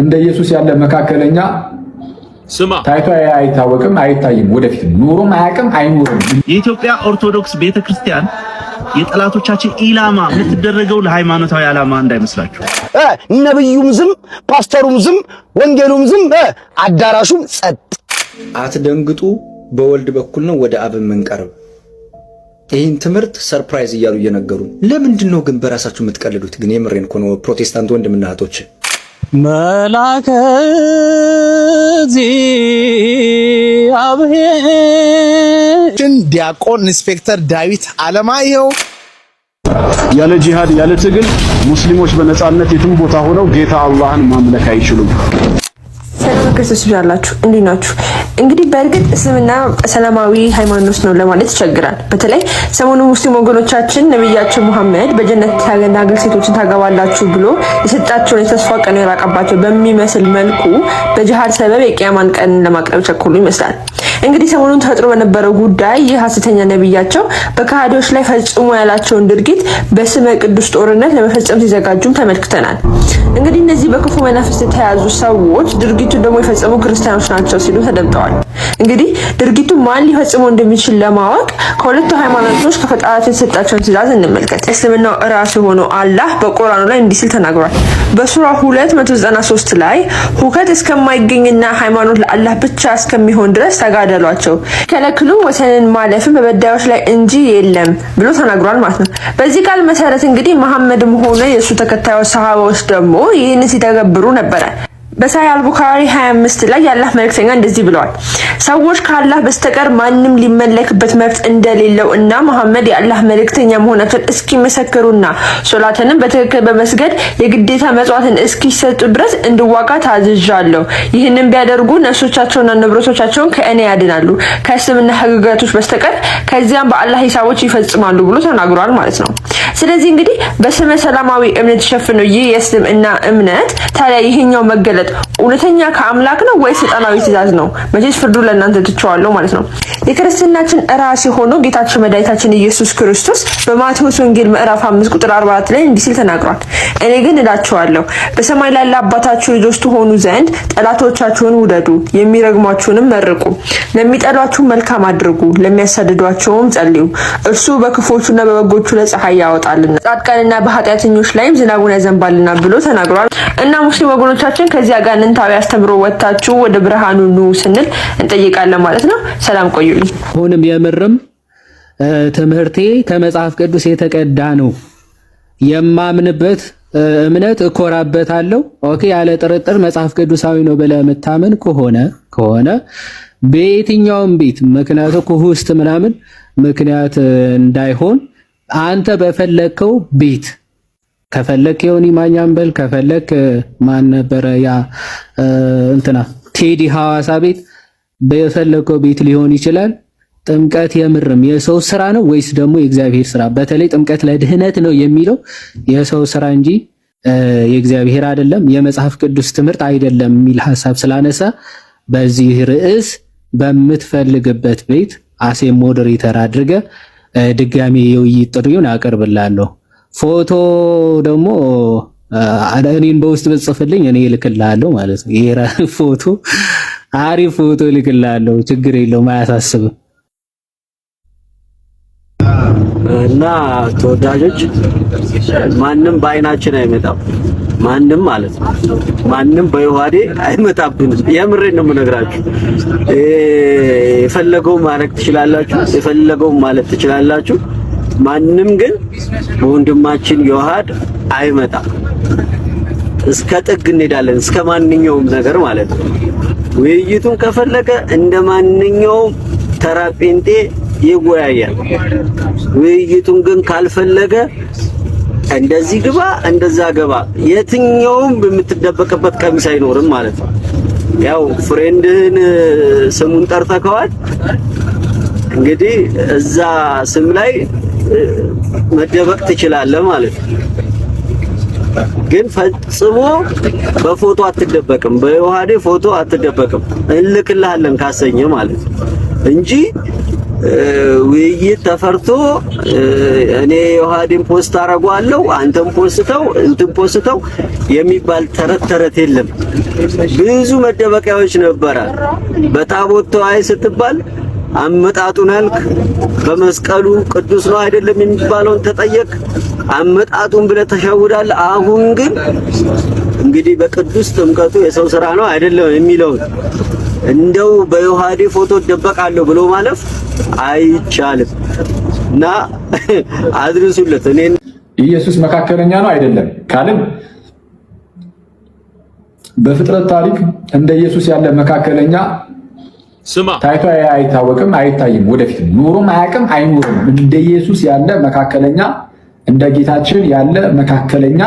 እንደ ኢየሱስ ያለ መካከለኛ ስማ ታይቶ አይታወቅም፣ አይታይም፣ ወደፊትም ኑሮም አያውቅም፣ አይኖርም። የኢትዮጵያ ኦርቶዶክስ ቤተክርስቲያን የጠላቶቻችን ኢላማ የምትደረገው ለሃይማኖታዊ ዓላማ እንዳይመስላችሁ። ነብዩም ዝም፣ ፓስተሩም ዝም፣ ወንጌሉም ዝም፣ አዳራሹም ጸጥ። አትደንግጡ፣ በወልድ በኩል ነው ወደ አብ የምንቀርብ። ይህን ትምህርት ሰርፕራይዝ እያሉ እየነገሩ ለምንድን ነው ግን በራሳችሁ የምትቀልዱት? ግን የምሬን እኮ ነው ፕሮቴስታንት ወንድምና እህቶች መላከ እግዚአብሔርን ዲያቆን ኢንስፔክተር ዳዊት አለማየሁ ያለ ጂሃድ ያለ ትግል ሙስሊሞች በነጻነት የትም ቦታ ሆነው ጌታ አላህን ማምለክ አይችሉም። ክርስቶስ ይብዛላችሁ። እንዴት ናችሁ? እንግዲህ በእርግጥ እስልምና ሰላማዊ ሃይማኖት ነው ለማለት ይቸግራል። በተለይ ሰሞኑ ሙስሊም ወገኖቻችን ነቢያቸው ሙሐመድ በጀነት ታገናግል ሴቶችን ታገባላችሁ ብሎ የሰጣቸውን የተስፋ ቀኑ የራቀባቸው በሚመስል መልኩ በጅሃድ ሰበብ የቅያማን ቀን ለማቅረብ ቸኩሉ ይመስላል። እንግዲህ ሰሞኑን ተፈጥሮ በነበረው ጉዳይ ይህ ሀሰተኛ ነብያቸው በከሃዲዎች ላይ ፈጽሞ ያላቸውን ድርጊት በስመ ቅዱስ ጦርነት ለመፈጸም ሲዘጋጁም ተመልክተናል። እንግዲህ እነዚህ በክፉ መናፍስት የተያዙ ሰዎች ድርጊቱን ደግሞ የፈጸሙ ክርስቲያኖች ናቸው ሲሉ ተደምጠዋል። እንግዲህ ድርጊቱ ማን ሊፈጽመው እንደሚችል ለማወቅ ከሁለቱ ሃይማኖቶች ከፈጣሪያቸው የተሰጣቸውን ትእዛዝ እንመልከት። እስልምናው እራሱ የሆነው አላህ በቁርአኑ ላይ እንዲህ ሲል ተናግሯል። በሱራ 293 ላይ ሁከት እስከማይገኝና ሃይማኖት ለአላህ ብቻ እስከሚሆን ድረስ ተጋ በደሏቸው ከለክሉ ወሰንን ማለፍን በበዳዮች ላይ እንጂ የለም ብሎ ተናግሯል ማለት ነው። በዚህ ቃል መሰረት እንግዲህ መሐመድም ሆነ የእሱ ተከታዮች ሰሃባዎች ደግሞ ይህን ሲተገብሩ ነበረ። በሳይ አልቡካሪ 25 ላይ የአላህ መልእክተኛ እንደዚህ ብለዋል፣ ሰዎች ከአላህ በስተቀር ማንም ሊመለክበት መብት እንደሌለው እና መሐመድ የአላህ መልእክተኛ መሆናቸውን እስኪመሰክሩና ሶላትንም በትክክል በመስገድ የግዴታ መጽዋትን እስኪሰጡ ድረስ እንድዋጋ ታዝዣለሁ። ይህንም ቢያደርጉ ነፍሶቻቸውና ንብረቶቻቸውን ከእኔ ያድናሉ ከእስልምና ህግጋቶች በስተቀር ከዚያም በአላህ ሂሳቦች ይፈጽማሉ ብሎ ተናግሯል ማለት ነው። ስለዚህ እንግዲህ በስመ ሰላማዊ እምነት ሸፍነው ይህ የእስልምና እምነት ታዲያ ይህኛው መገለ መገለጥ እውነተኛ ከአምላክ ነው ወይስ ሰይጣናዊ ትእዛዝ ነው? መቼስ ፍርዱ ለእናንተ ትቼዋለሁ ማለት ነው። የክርስትናችን ራስ የሆነው ጌታችን መድኃኒታችን ኢየሱስ ክርስቶስ በማቴዎስ ወንጌል ምዕራፍ አምስት ቁጥር 44 ላይ እንዲህ ሲል ተናግሯል። እኔ ግን እላችኋለሁ በሰማይ ላለ አባታችሁ ልጆች ትሆኑ ዘንድ ጠላቶቻችሁን ውደዱ፣ የሚረግሟችሁንም መርቁ፣ ለሚጠሏችሁ መልካም አድርጉ፣ ለሚያሳድዷቸውም ጸልዩ። እርሱ በክፎቹና በበጎቹ ለፀሐይ ያወጣልና ጻድቃንና በኃጢአተኞች ላይም ዝናቡን ያዘንባልና ብሎ ተናግሯል እና ሙስሊም ወገኖቻችን ከዚህ ከዚያ ጋር አጋንንታዊ አስተምሮ ወጥታችሁ ወደ ብርሃኑ ኑ ስንል እንጠይቃለን ማለት ነው። ሰላም ቆዩልኝ። አሁንም የምርም ትምህርቴ ከመጽሐፍ ቅዱስ የተቀዳ ነው። የማምንበት እምነት እኮራበታለሁ። ኦኬ፣ ያለ ጥርጥር መጽሐፍ ቅዱሳዊ ነው ብለህ የምታምን ከሆነ ከሆነ በየትኛውም ቤት ምክንያቱ ውስጥ ምናምን ምክንያት እንዳይሆን አንተ በፈለግከው ቤት ከፈለክ የሆኒ ማኛን በል ከፈለክ ማን ነበረ ያ እንትና ቴዲ ሐዋሳ ቤት በፈለከው ቤት ሊሆን ይችላል። ጥምቀት የምርም የሰው ስራ ነው ወይስ ደግሞ የእግዚአብሔር ስራ? በተለይ ጥምቀት ለድህነት ነው የሚለው የሰው ስራ እንጂ የእግዚአብሔር አይደለም፣ የመጽሐፍ ቅዱስ ትምህርት አይደለም የሚል ሐሳብ ስላነሳ በዚህ ርዕስ በምትፈልግበት ቤት አሴ ሞዴሬተር አድርገ ድጋሚ የውይይት ጥሪውን አቀርብላለሁ። ፎቶ ደግሞ እኔን በውስጥ ብጽፍልኝ እኔ እልክልሃለሁ ማለት ነው። ይሄ ፎቶ አሪፍ ፎቶ እልክልሃለሁ፣ ችግር የለውም አያሳስብም። እና ተወዳጆች ማንም በአይናችን አይመጣም፣ ማንም ማለት ነው ማንም በይዋዴ አይመጣብንም። የምሬን ነው የምነግራችሁ። የፈለገውን ማድረግ ትችላላችሁ፣ የፈለገውን ማለት ትችላላችሁ። ማንም ግን በወንድማችን ዮሐድ አይመጣ እስከ ጥግ እንሄዳለን፣ እስከ ማንኛውም ነገር ማለት ነው። ውይይቱን ከፈለገ እንደ ማንኛውም ተራ ጴንጤ ይወያያል። ውይይቱን ግን ካልፈለገ እንደዚህ ግባ እንደዛ ገባ፣ የትኛውም የምትደበቅበት ቀሚስ አይኖርም ማለት ነው። ያው ፍሬንድህን ስሙን ጠርተከዋል እንግዲህ እዛ ስም ላይ መደበቅ ትችላለህ ማለት ነው። ግን ፈጽሞ በፎቶ አትደበቅም፣ በዮሐዴ ፎቶ አትደበቅም። እንልክልሃለን ካሰኘ ማለት ነው እንጂ ውይይት ተፈርቶ እኔ ዮሐዴን ፖስት አረጓለሁ አንተም ፖስተው እንትን ፖስተው የሚባል ተረት ተረት የለም። ብዙ መደበቂያዎች ነበረ። በታቦት ተዋይ ስትባል አመጣጡን አልክ። በመስቀሉ ቅዱስ ነው አይደለም የሚባለውን ተጠየቅ። አመጣጡን ብለ ተሸውዳል። አሁን ግን እንግዲህ በቅዱስ ጥምቀቱ የሰው ስራ ነው አይደለም የሚለውን እንደው በዮሐዴ ፎቶ እደበቃለሁ ብሎ ማለፍ አይቻልም እና አድርሱለት። እኔ ኢየሱስ መካከለኛ ነው አይደለም ካልን በፍጥረት ታሪክ እንደ ኢየሱስ ያለ መካከለኛ ስማ ታይቶ አይታወቅም፣ አይታይም፣ ወደፊት ኑሮም አያውቅም፣ አይኖርም እንደ ኢየሱስ ያለ መካከለኛ፣ እንደ ጌታችን ያለ መካከለኛ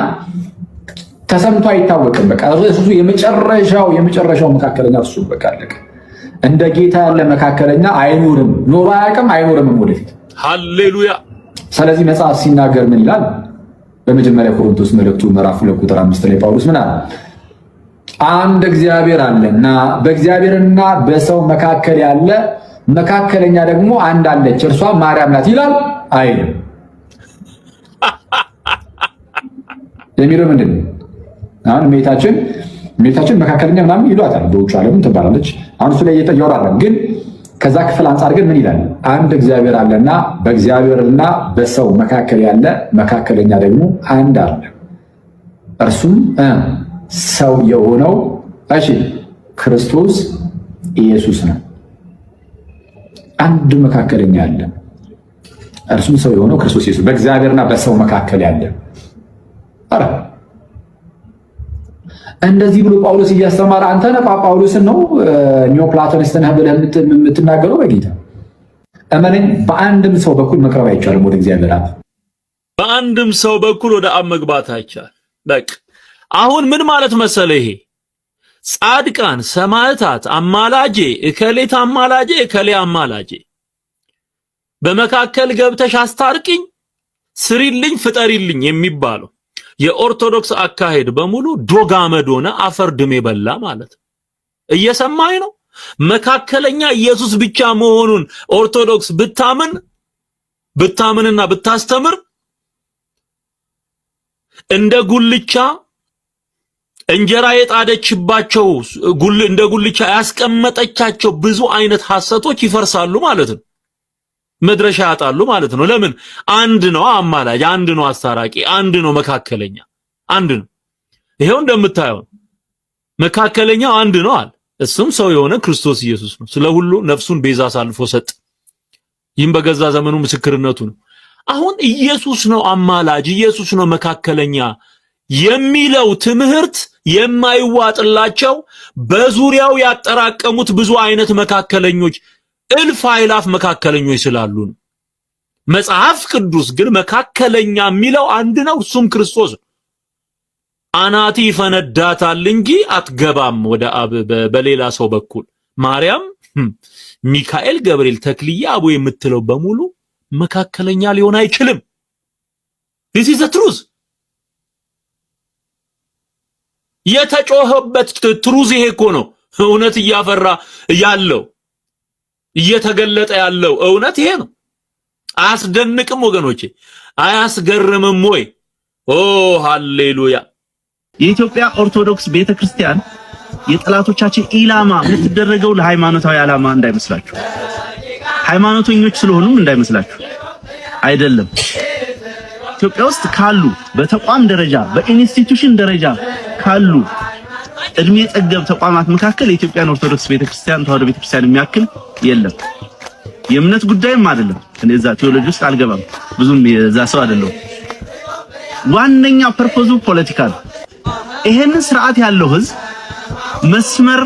ተሰምቶ አይታወቅም። በቃ እሱ የመጨረሻው የመጨረሻው መካከለኛ እሱ በቃ አለቀ። እንደ ጌታ ያለ መካከለኛ አይኑርም፣ ኑሮ አያውቅም፣ አይኑርም ወደፊት። ሃሌሉያ። ስለዚህ መጽሐፍ ሲናገር ምን ይላል? በመጀመሪያ ቆሮንቶስ መልእክቱ ምዕራፍ ሁለት ቁጥር አምስት ላይ ጳውሎስ ምን አለ? አንድ እግዚአብሔር አለና በእግዚአብሔርና በሰው መካከል ያለ መካከለኛ ደግሞ አንድ አለች፣ እርሷ ማርያም ናት ይላል አይል የሚለው ምንድን አሁን ሜታችን ሜታችን መካከለኛ ምናምን ይሏታል፣ በውጭ ዓለም ትባላለች። አሁን እሱ ላይ እየጠየራለን ግን ከዛ ክፍል አንጻር ግን ምን ይላል? አንድ እግዚአብሔር አለና በእግዚአብሔርና በሰው መካከል ያለ መካከለኛ ደግሞ አንድ አለ እርሱም ሰው የሆነው እሺ ክርስቶስ ኢየሱስ ነው። አንድ መካከለኛ አለ። እርሱም ሰው የሆነው ክርስቶስ ኢየሱስ በእግዚአብሔርና በሰው መካከል ያለ። አረ እንደዚህ ብሎ ጳውሎስ እያስተማረ አንተ ነህ ጳውሎስን ነው ፕላቶኒስት ነህ ብለህ የምትናገረው? በጌታ እመነኝ፣ በአንድም ሰው በኩል መቅረብ አይቻልም ወደ እግዚአብሔር አብ። በአንድም ሰው በኩል ወደ አብ መግባት አይቻል በቃ አሁን ምን ማለት መሰለ ይሄ ጻድቃን ሰማዕታት አማላጄ እከሌት አማላጄ እከሌ አማላጄ በመካከል ገብተሽ አስታርቂኝ ስሪልኝ ፍጠሪልኝ የሚባለው የኦርቶዶክስ አካሄድ በሙሉ ዶጋ አመድ ሆነ አፈር ድሜ በላ ማለት ነው። እየሰማኝ ነው። መካከለኛ ኢየሱስ ብቻ መሆኑን ኦርቶዶክስ ብታምን ብታምንና ብታስተምር እንደ ጉልቻ እንጀራ የጣደችባቸው ጉል እንደ ጉልቻ ያስቀመጠቻቸው ብዙ አይነት ሐሰቶች ይፈርሳሉ ማለት ነው። መድረሻ ያጣሉ ማለት ነው። ለምን? አንድ ነው አማላጅ፣ አንድ ነው አስታራቂ፣ አንድ ነው መካከለኛ፣ አንድ ነው። ይሄው እንደምታየው መካከለኛው አንድ ነው አለ። እሱም ሰው የሆነ ክርስቶስ ኢየሱስ ነው። ስለ ሁሉ ነፍሱን ቤዛ አሳልፎ ሰጥ። ይህም በገዛ ዘመኑ ምስክርነቱ ነው። አሁን ኢየሱስ ነው አማላጅ፣ ኢየሱስ ነው መካከለኛ የሚለው ትምህርት የማይዋጥላቸው በዙሪያው ያጠራቀሙት ብዙ አይነት መካከለኞች እልፍ አይላፍ መካከለኞች ስላሉ ነው። መጽሐፍ ቅዱስ ግን መካከለኛ የሚለው አንድ ነው፣ እሱም ክርስቶስ ነው። አናቲ ይፈነዳታል እንጂ አትገባም ወደ አብ በሌላ ሰው በኩል ማርያም፣ hm፣ ሚካኤል፣ ገብርኤል፣ ተክልዬ፣ አቡ የምትለው በሙሉ መካከለኛ ሊሆን አይችልም። ዲስ ኢዝ ዘ ትሩዝ የተጮኸበት ትሩዝ ይሄ እኮ ነው። እውነት እያፈራ ያለው እየተገለጠ ያለው እውነት ይሄ ነው። አያስደንቅም ወገኖቼ? አያስገርምም ወይ? ኦ ሃሌሉያ! የኢትዮጵያ ኦርቶዶክስ ቤተክርስቲያን የጠላቶቻችን ኢላማ የምትደረገው ለሃይማኖታዊ ዓላማ እንዳይመስላችሁ፣ ሃይማኖተኞች ስለሆኑም እንዳይመስላችሁ አይደለም። ኢትዮጵያ ውስጥ ካሉ በተቋም ደረጃ በኢንስቲትዩሽን ደረጃ ካሉ እድሜ ጠገብ ተቋማት መካከል የኢትዮጵያን ኦርቶዶክስ ቤተክርስቲያን ተዋህዶ ቤተክርስቲያን የሚያክል የለም። የእምነት ጉዳይም አይደለም። እኔ እዛ ቴዎሎጂ ውስጥ አልገባም፣ ብዙም የዛ ሰው አይደለሁም። ዋነኛ ፐርፖዙ ፖለቲካ ነው። ይሄንን ስርዓት ያለው ህዝብ፣ መስመር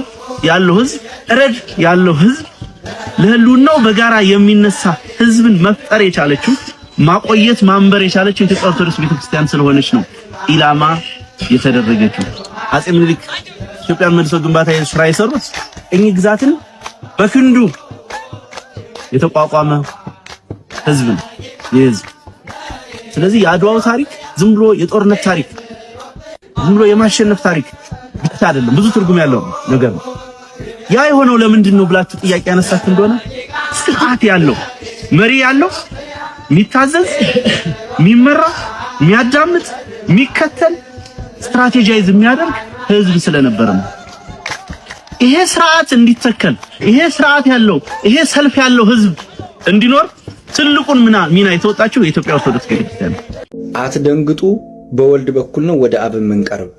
ያለው ህዝብ፣ ረድ ያለው ህዝብ፣ ለህልውናው በጋራ የሚነሳ ህዝብን መፍጠር የቻለችው ማቆየት ማንበር የቻለችው ኢትዮጵያ ኦርቶዶክስ ቤተክርስቲያን ስለሆነች ነው ኢላማ የተደረገችው። አጼ ምኒልክ ኢትዮጵያን መልሶ ግንባታ ስራ የሰሩት ቅኝ ግዛትን በክንዱ የተቋቋመ ህዝብ ነው የህዝብ። ስለዚህ የአድዋው ታሪክ ዝም ብሎ የጦርነት ታሪክ ዝም ብሎ የማሸነፍ ታሪክ ብቻ አይደለም፣ ብዙ ትርጉም ያለው ነገር ነው። ያ የሆነው ለምንድን ነው ብላችሁ ጥያቄ ያነሳችሁ እንደሆነ ስርዓት ያለው መሪ ያለው የሚታዘዝ፣ የሚመራ፣ የሚያዳምጥ፣ የሚከተል ስትራቴጃይዝ የሚያደርግ ህዝብ ስለነበረ ነው። ይሄ ስርዓት እንዲተከል ይሄ ስርዓት ያለው ይሄ ሰልፍ ያለው ህዝብ እንዲኖር ትልቁን ምና ሚና የተወጣችው የኢትዮጵያ ኦርቶዶክስ ቤተክርስቲያን። አትደንግጡ፣ በወልድ በኩል ነው ወደ አብ የምንቀርብ።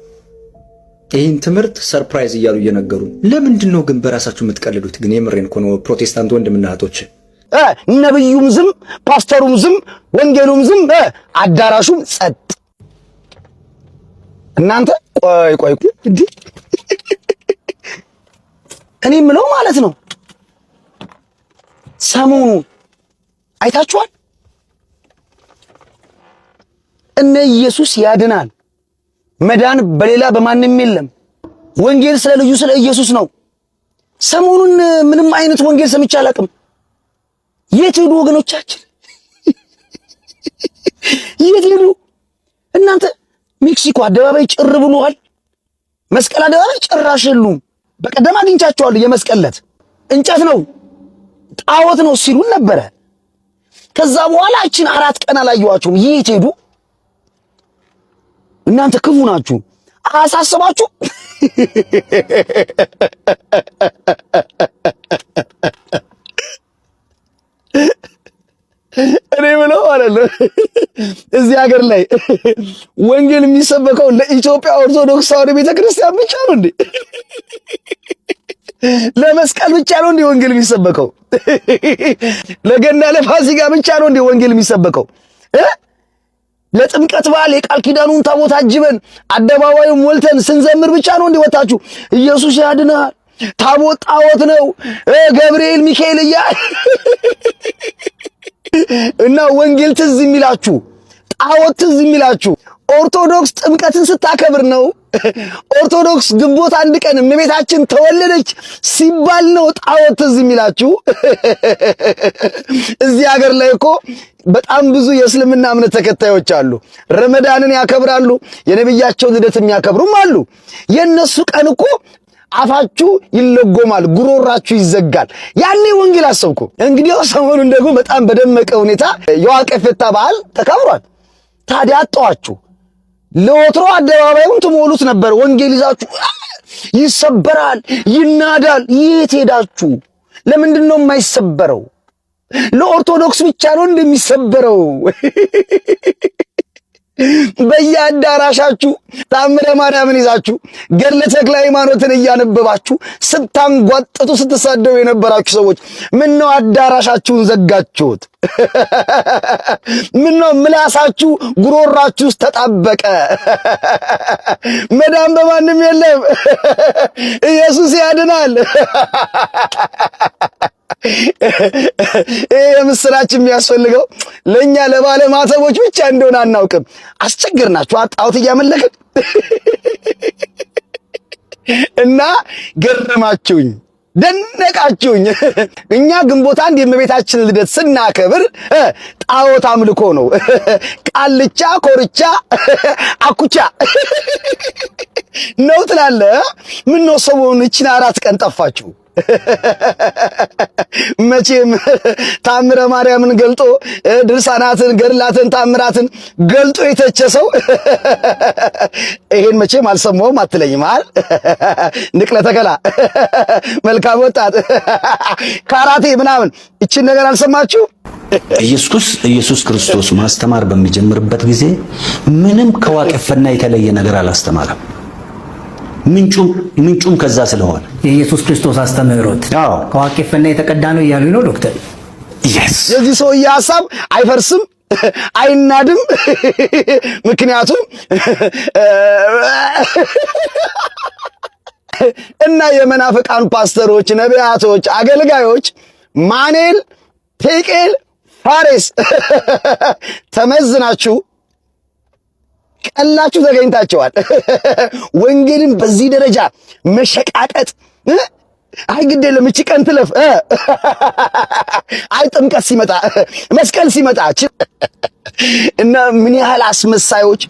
ይህን ትምህርት ሰርፕራይዝ እያሉ እየነገሩ ለምንድን ነው ግን በራሳችሁ የምትቀልዱት? ግን የምሬን እኮ ፕሮቴስታንት ወንድምና እህቶች። ነብዩም ዝም፣ ፓስተሩም ዝም፣ ወንጌሉም ዝም፣ አዳራሹም ጸጥ እናንተ ቆይ ቆይ እንዴ! እኔ ምለው ማለት ነው ሰሞኑ አይታችኋል? እነ ኢየሱስ ያድናል። መዳን በሌላ በማንም የለም። ወንጌል ስለ ልጁ ስለ ኢየሱስ ነው። ሰሞኑን ምንም አይነት ወንጌል ሰምቼ አላቅም። የት ሄዱ ወገኖቻችን? የት ሄዱ እናንተ? ሜክሲኮ አደባባይ ጭር ብሏል። መስቀል አደባባይ ጭራሽ የሉም። በቀደም አግኝቻቸዋለሁ። የመስቀለት እንጨት ነው ጣዖት ነው ሲሉን ነበረ። ከዛ በኋላ እችን አራት ቀን አላየኋቸውም። የት ሄዱ እናንተ? ክፉ ናችሁ። አሳስባችሁ እኔ ብለው ማለት ነው እዚህ ሀገር ላይ ወንጌል የሚሰበከው ለኢትዮጵያ ኦርቶዶክስ ተዋሕዶ ቤተክርስቲያን ብቻ ነው እንዴ? ለመስቀል ብቻ ነው እንዴ ወንጌል የሚሰበከው? ለገና ለፋሲካ ብቻ ነው እንዴ ወንጌል የሚሰበከው? ለጥምቀት በዓል የቃል ኪዳኑን ታቦት አጅበን አደባባዩ ሞልተን ስንዘምር ብቻ ነው እንዴ ወጣችሁ ኢየሱስ ያድናል ታቦት ጣዖት ነው ገብርኤል ሚካኤል እያ እና ወንጌል ትዝ የሚላችሁ ጣዖት ትዝ የሚላችሁ ኦርቶዶክስ ጥምቀትን ስታከብር ነው። ኦርቶዶክስ ግንቦት አንድ ቀን እመቤታችን ተወለደች ሲባል ነው ጣዖት ትዝ የሚላችሁ። እዚህ ሀገር ላይ እኮ በጣም ብዙ የእስልምና እምነት ተከታዮች አሉ። ረመዳንን ያከብራሉ፣ የነብያቸውን ልደት የሚያከብሩም አሉ። የእነሱ ቀን እኮ አፋችሁ ይለጎማል፣ ጉሮራችሁ ይዘጋል። ያኔ ወንጌል አሰብኩ። እንግዲያው ሰሞኑን ደግሞ በጣም በደመቀ ሁኔታ የዋቀ ፈታ በዓል ተከብሯል። ታዲያ አጠዋችሁ ለወትሮ አደባባዩን ትሞሉት ነበር። ወንጌል ይዛችሁ ይሰበራል፣ ይናዳል። የት ሄዳችሁ? ለምንድን ነው የማይሰበረው? ለኦርቶዶክስ ብቻ ነው እንደሚሰበረው። በየአዳራሻችሁ ታምረ ማርያምን ይዛችሁ ገድለ ተክለ ሃይማኖትን እያነበባችሁ ስታንጓጥጡ ስትሳደቡ የነበራችሁ ሰዎች ምን ነው አዳራሻችሁን ዘጋችሁት? ምን ነው ምላሳችሁ ጉሮራችሁ ውስጥ ተጣበቀ? መዳን በማንም የለም። ኢየሱስ ያድናል። ይህ የምስራች የሚያስፈልገው ለእኛ ለባለ ማተቦች ብቻ እንደሆነ አናውቅም። አስቸገርናችሁ ጣዖት እያመለክን እና ገረማችሁኝ፣ ደነቃችሁኝ። እኛ ግንቦት አንድ የእመቤታችን ልደት ስናከብር ጣዖት አምልኮ ነው። ቃልቻ፣ ኮርቻ፣ አኩቻ ነው ትላለ። ምነው ሰሞኑን ይህችን አራት ቀን ጠፋችሁ? መቼም ታምረ ማርያምን ገልጦ ድርሳናትን፣ ገድላትን፣ ታምራትን ገልጦ የተቸ ሰው ይሄን መቼም አልሰማውም አትለኝም አል ንቅለ ተከላ፣ መልካም ወጣት፣ ካራቴ ምናምን ይችን ነገር አልሰማችሁ? ኢየሱስ ኢየሱስ ክርስቶስ ማስተማር በሚጀምርበት ጊዜ ምንም ከዋቄፈና የተለየ ነገር አላስተማረም። ምንጩም ከዛ ስለሆነ የኢየሱስ ክርስቶስ አስተምህሮት ከዋቄፈና የተቀዳ ነው እያሉ ነው ዶክተር። የዚህ ሰውዬ ሀሳብ አይፈርስም፣ አይናድም። ምክንያቱም እና የመናፍቃን ፓስተሮች፣ ነቢያቶች፣ አገልጋዮች ማኔል ቴቄል ፋሬስ ተመዝናችሁ ቀላችሁ ተገኝታቸዋል። ወንጌልን በዚህ ደረጃ መሸቃጠጥ አይ ግድ የለም እቺ ቀን ትለፍ። አይ ጥምቀት ሲመጣ መስቀል ሲመጣ እና ምን ያህል አስመሳዮች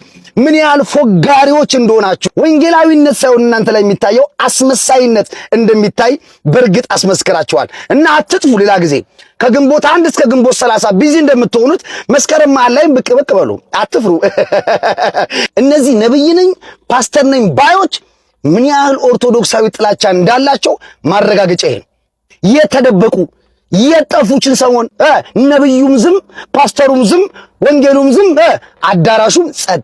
ምን ያህል ፎጋሪዎች እንደሆናችሁ ወንጌላዊነት ሳይሆን እናንተ ላይ የሚታየው አስመሳይነት እንደሚታይ በእርግጥ አስመስክራችኋል። እና አትጥፉ። ሌላ ጊዜ ከግንቦት አንድ እስከ ግንቦት ሰላሳ ቢዚ እንደምትሆኑት መስከረም መሃል ላይ ብቅ ብቅ በሉ። አትፍሩ። እነዚህ ነብይ ነኝ ፓስተር ነኝ ባዮች ምን ያህል ኦርቶዶክሳዊ ጥላቻ እንዳላቸው ማረጋገጫ ይሄ የተደበቁ የጠፉችን ሰሞን ነብዩም ዝም ፓስተሩም ዝም ወንጌሉም ዝም አዳራሹም ጸጥ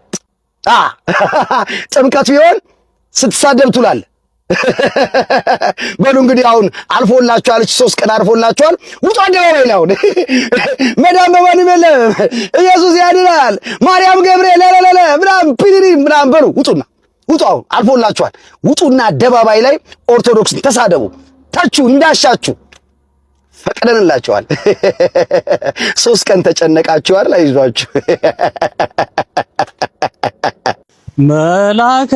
ጥምቀት ቢሆን ስትሳደብ ትውላል። በሉ እንግዲህ አሁን አልፎላችኋል። እች ሶስት ቀን አልፎላችኋል። ውጡ አደባባይ ነው። አሁን። መዳም በማንም የለም። ኢየሱስ ያድናል። ማርያም ገብርኤል ለለለለ ምናም ፒሪሪ ምናም በሉ ውጡና ውጡ። አሁን አልፎላችኋል። ውጡና አደባባይ ላይ ኦርቶዶክስን ተሳደቡ፣ ታችሁ እንዳሻችሁ ፈቅደንላችኋል። ሶስት ቀን ተጨነቃችሁ አይዟችሁ። መላከ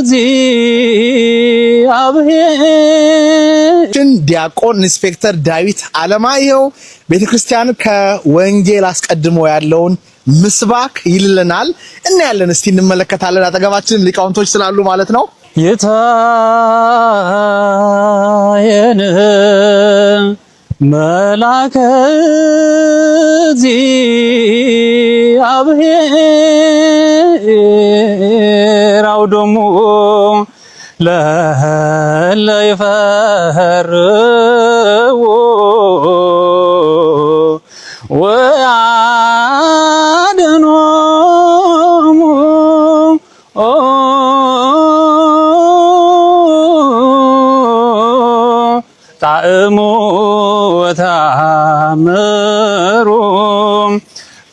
እግዚአብሔርን ዲያቆን ኢንስፔክተር ዳዊት አለማየሁ ቤተክርስቲያን ከወንጌል አስቀድሞ ያለውን ምስባክ ይልልናል። እናያለን፣ እስቲ እንመለከታለን። አጠገባችን ሊቃውንቶች ስላሉ ማለት ነው። ይታየን መላከ እግዚአብሔር አውዶሙ ለለ ይፈርዎ ወአድኅኖሙ ጣዕሙ ሕይወት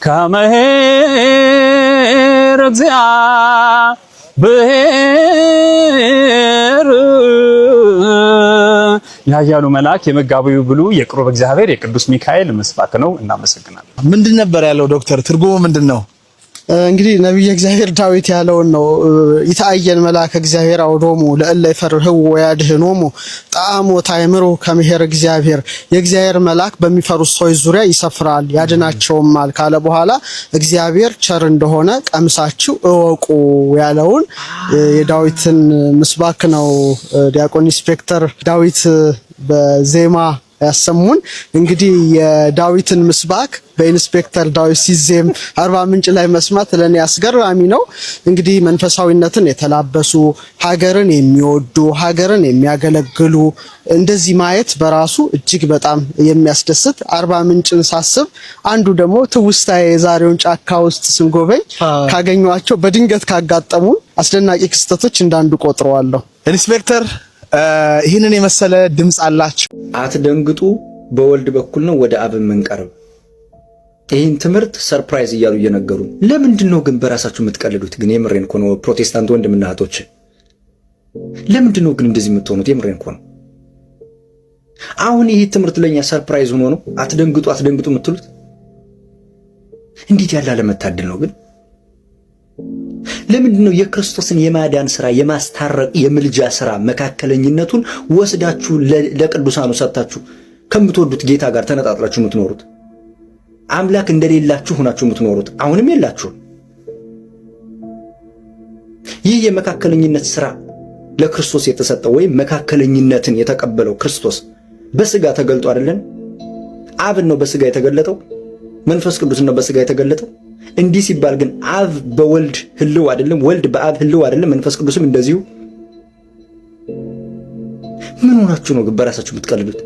ከመሄር እግዚአብሔር ያያሉ መልአክ የመጋቢው ብሉ የቅሩብ እግዚአብሔር የቅዱስ ሚካኤል ምስባክ ነው። እናመሰግናለን። ምንድን ነበር ያለው ዶክተር? ትርጉሙ ምንድን ነው? እንግዲህ ነቢይ እግዚአብሔር ዳዊት ያለውን ነው። ይታየን መልአክ እግዚአብሔር አውዶሙ ለእለ ይፈርህው ወያድህኖሙ ጣዕሙ ታይምሩ ከመሄር እግዚአብሔር የእግዚአብሔር መልአክ በሚፈሩት ሰዎች ዙሪያ ይሰፍራል ያድናቸውማል ካለ በኋላ እግዚአብሔር ቸር እንደሆነ ቀምሳችሁ እወቁ ያለውን የዳዊትን ምስባክ ነው ዲያቆን ኢንስፔክተር ዳዊት በዜማ ያሰሙን። እንግዲህ የዳዊትን ምስባክ በኢንስፔክተር ዳዊት ሲዜም አርባ ምንጭ ላይ መስማት ለእኔ አስገራሚ ነው። እንግዲህ መንፈሳዊነትን የተላበሱ ሀገርን የሚወዱ ሀገርን የሚያገለግሉ እንደዚህ ማየት በራሱ እጅግ በጣም የሚያስደስት አርባ ምንጭን ሳስብ አንዱ ደግሞ ትውስታ የዛሬውን ጫካ ውስጥ ስንጎበኝ ካገኟቸው በድንገት ካጋጠሙ አስደናቂ ክስተቶች እንዳንዱ ቆጥረዋለሁ። ኢንስፔክተር ይህንን የመሰለ ድምፅ አላቸው። አትደንግጡ፣ በወልድ በኩል ነው ወደ አብ የምንቀርብ። ይህን ትምህርት ሰርፕራይዝ እያሉ እየነገሩ ለምንድን ነው ግን በራሳችሁ የምትቀልዱት? ግን የምሬን እኮ ነው ፕሮቴስታንት ወንድምና እህቶች፣ ለምንድን ነው ግን እንደዚህ የምትሆኑት? የምሬን እኮ ነው። አሁን ይህ ትምህርት ለእኛ ሰርፕራይዝ ሆኖ ነው አትደንግጡ አትደንግጡ የምትሉት። እንዴት ያለ አለመታደል ነው ግን ለምንድን ነው የክርስቶስን የማዳን ስራ የማስታረቅ የምልጃ ስራ መካከለኝነቱን ወስዳችሁ ለቅዱሳኑ ሰጥታችሁ ከምትወዱት ጌታ ጋር ተነጣጥላችሁ የምትኖሩት? አምላክ እንደሌላችሁ ሆናችሁ የምትኖሩት አሁንም የላችሁም። ይህ የመካከለኝነት ስራ ለክርስቶስ የተሰጠው ወይም መካከለኝነትን የተቀበለው ክርስቶስ በስጋ ተገልጦ አይደለን? አብን ነው በስጋ የተገለጠው። መንፈስ ቅዱስ ነው በስጋ የተገለጠው። እንዲህ ሲባል ግን አብ በወልድ ህልው አይደለም፣ ወልድ በአብ ህልው አይደለም፣ መንፈስ ቅዱስም እንደዚሁ። ምን ሆናችሁ ነው በራሳችሁ የምትቀልዱት?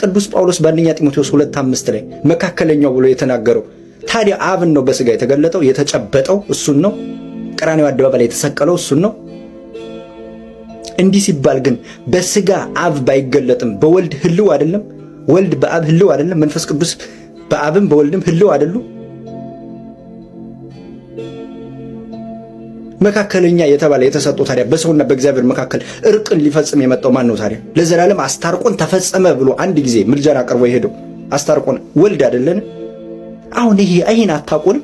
ቅዱስ ጳውሎስ በአንደኛ ጢሞቴዎስ ሁለት አምስት ላይ መካከለኛው ብሎ የተናገረው ታዲያ አብን ነው በስጋ የተገለጠው የተጨበጠው እሱን ነው። ቀራኔው አደባባይ የተሰቀለው እሱን ነው። እንዲህ ሲባል ግን በስጋ አብ ባይገለጥም በወልድ ህልው አይደለም፣ ወልድ በአብ ህልው አይደለም፣ መንፈስ ቅዱስ በአብም በወልድም ህልው አይደሉም። መካከለኛ የተባለ የተሰጠው ታዲያ በሰውና በእግዚአብሔር መካከል እርቅን ሊፈጽም የመጣው ማን ነው ታዲያ? ለዘላለም አስታርቆን ተፈጸመ ብሎ አንድ ጊዜ ምልጃን አቅርቦ የሄደው አስታርቆን ወልድ አይደለን? አሁን ይሄ አይን አታውቁንም?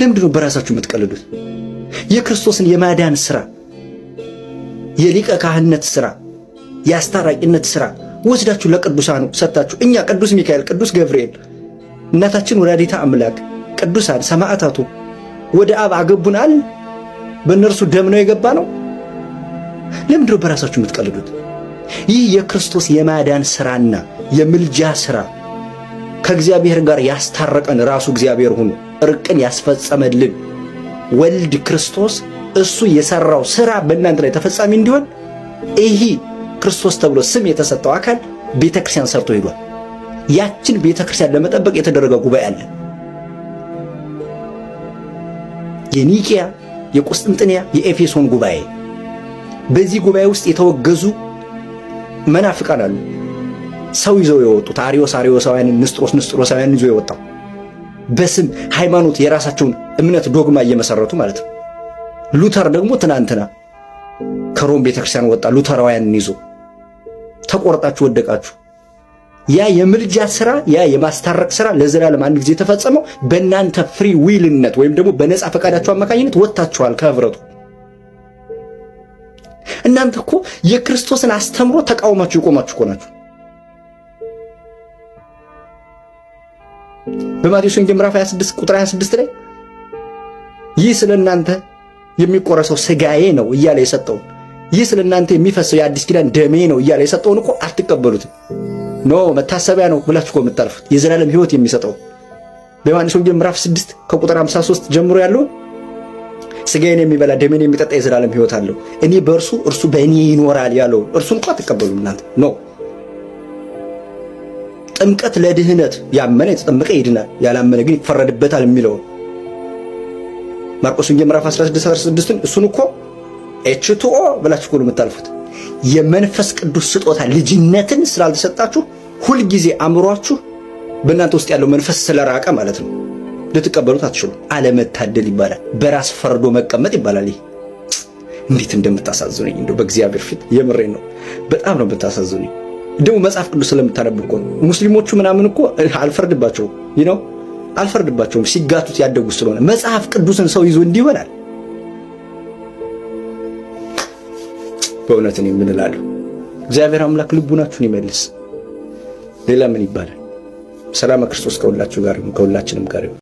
ለምንድነው በራሳችሁ የምትቀልዱት? የክርስቶስን የማዳን ስራ፣ የሊቀ ካህነት ስራ፣ የአስታራቂነት ስራ ወስዳችሁ ለቅዱሳኑ ሰጥታችሁ እኛ ቅዱስ ሚካኤል፣ ቅዱስ ገብርኤል እናታችን ወላዲታ አምላክ ቅዱሳን ሰማዕታቱ ወደ አብ አገቡናል። በእነርሱ ደም ነው የገባ ነው። ለምንድነው በራሳችሁ የምትቀልዱት? ይህ የክርስቶስ የማዳን ሥራና የምልጃ ሥራ ከእግዚአብሔር ጋር ያስታረቀን ራሱ እግዚአብሔር ሆኖ እርቅን ያስፈጸመልን ወልድ ክርስቶስ እሱ የሰራው ሥራ በእናንተ ላይ ተፈጻሚ እንዲሆን ይህ ክርስቶስ ተብሎ ስም የተሰጠው አካል ቤተ ክርስቲያን ሰርቶ ሄዷል። ያችን ቤተክርስቲያን ለመጠበቅ የተደረገ ጉባኤ አለ። የኒቂያ፣ የቁስጥንጥንያ፣ የኤፌሶን ጉባኤ። በዚህ ጉባኤ ውስጥ የተወገዙ መናፍቃን አሉ። ሰው ይዘው የወጡት አሪዮስ አሪዮሳውያን፣ ንስጥሮስ ንስጥሮሳውያን ይዞ የወጣው በስም ሃይማኖት የራሳቸውን እምነት ዶግማ እየመሰረቱ ማለት ነው። ሉተር ደግሞ ትናንትና ከሮም ቤተክርስቲያን ወጣ። ሉተራውያንን ይዞ ተቆርጣችሁ ወደቃችሁ። ያ የምልጃ ስራ ያ የማስታረቅ ስራ ለዘላለም አንድ ጊዜ የተፈጸመው በእናንተ ፍሪ ዊልነት ወይም ደግሞ በነፃ ፈቃዳችሁ አማካኝነት ወጥታችኋል ከህብረቱ። እናንተ እኮ የክርስቶስን አስተምሮ ተቃውማችሁ የቆማችሁ እኮ ናችሁ። በማቴዎስ ወንጌል ምዕራፍ 26 ቁጥር 26 ላይ ይህ ስለ እናንተ የሚቆረሰው ስጋዬ ነው እያለ የሰጠውን ይህ ስለ እናንተ የሚፈሰው የአዲስ ኪዳን ደሜ ነው እያለ የሰጠውን እኮ አትቀበሉትም። ኖ መታሰቢያ ነው ብላችሁ እኮ የምታልፉት የዘላለም ህይወት የሚሰጠው በዮሐንስ ወንጌል ምዕራፍ 6 ከቁጥር 53 ጀምሮ ያለው ስጋዬን የሚበላ ደሜን የሚጠጣ የዘላለም ህይወት አለው፣ እኔ በእርሱ እርሱ በእኔ ይኖራል ያለው እርሱን እንኳ አትቀበሉ እናንተ ነው። ጥምቀት ለድህነት ያመነ የተጠመቀ ይድናል፣ ያላመነ ግን ይፈረድበታል የሚለው ማርቆስ ወንጌል ምዕራፍ 16 እሱን እኮ ኤችቱኦ ብላችሁ ነው የምታልፉት። የመንፈስ ቅዱስ ስጦታ ልጅነትን ስላልተሰጣችሁ ሁልጊዜ አእምሯችሁ በእናንተ ውስጥ ያለው መንፈስ ስለራቀ ማለት ነው ልትቀበሉት አትችሉ። አለመታደል ይባላል። በራስ ፈርዶ መቀመጥ ይባላል። ይህ እንዴት እንደምታሳዝኑኝ እንደው በእግዚአብሔር ፊት የምሬ ነው። በጣም ነው የምታሳዝኑኝ። ደግሞ መጽሐፍ ቅዱስ ስለምታነብ እኮ ሙስሊሞቹ ምናምን እኮ አልፈርድባቸውም ነው አልፈርድባቸውም ሲጋቱት ያደጉ ስለሆነ መጽሐፍ ቅዱስን ሰው ይዞ እንዲህ ይሆናል። በእውነት እኔ ምን እላለሁ፣ እግዚአብሔር አምላክ ልቡናችሁን ይመልስ። ሌላ ምን ይባላል? ሰላም ክርስቶስ ከሁላችሁ ጋር ከሁላችንም ጋር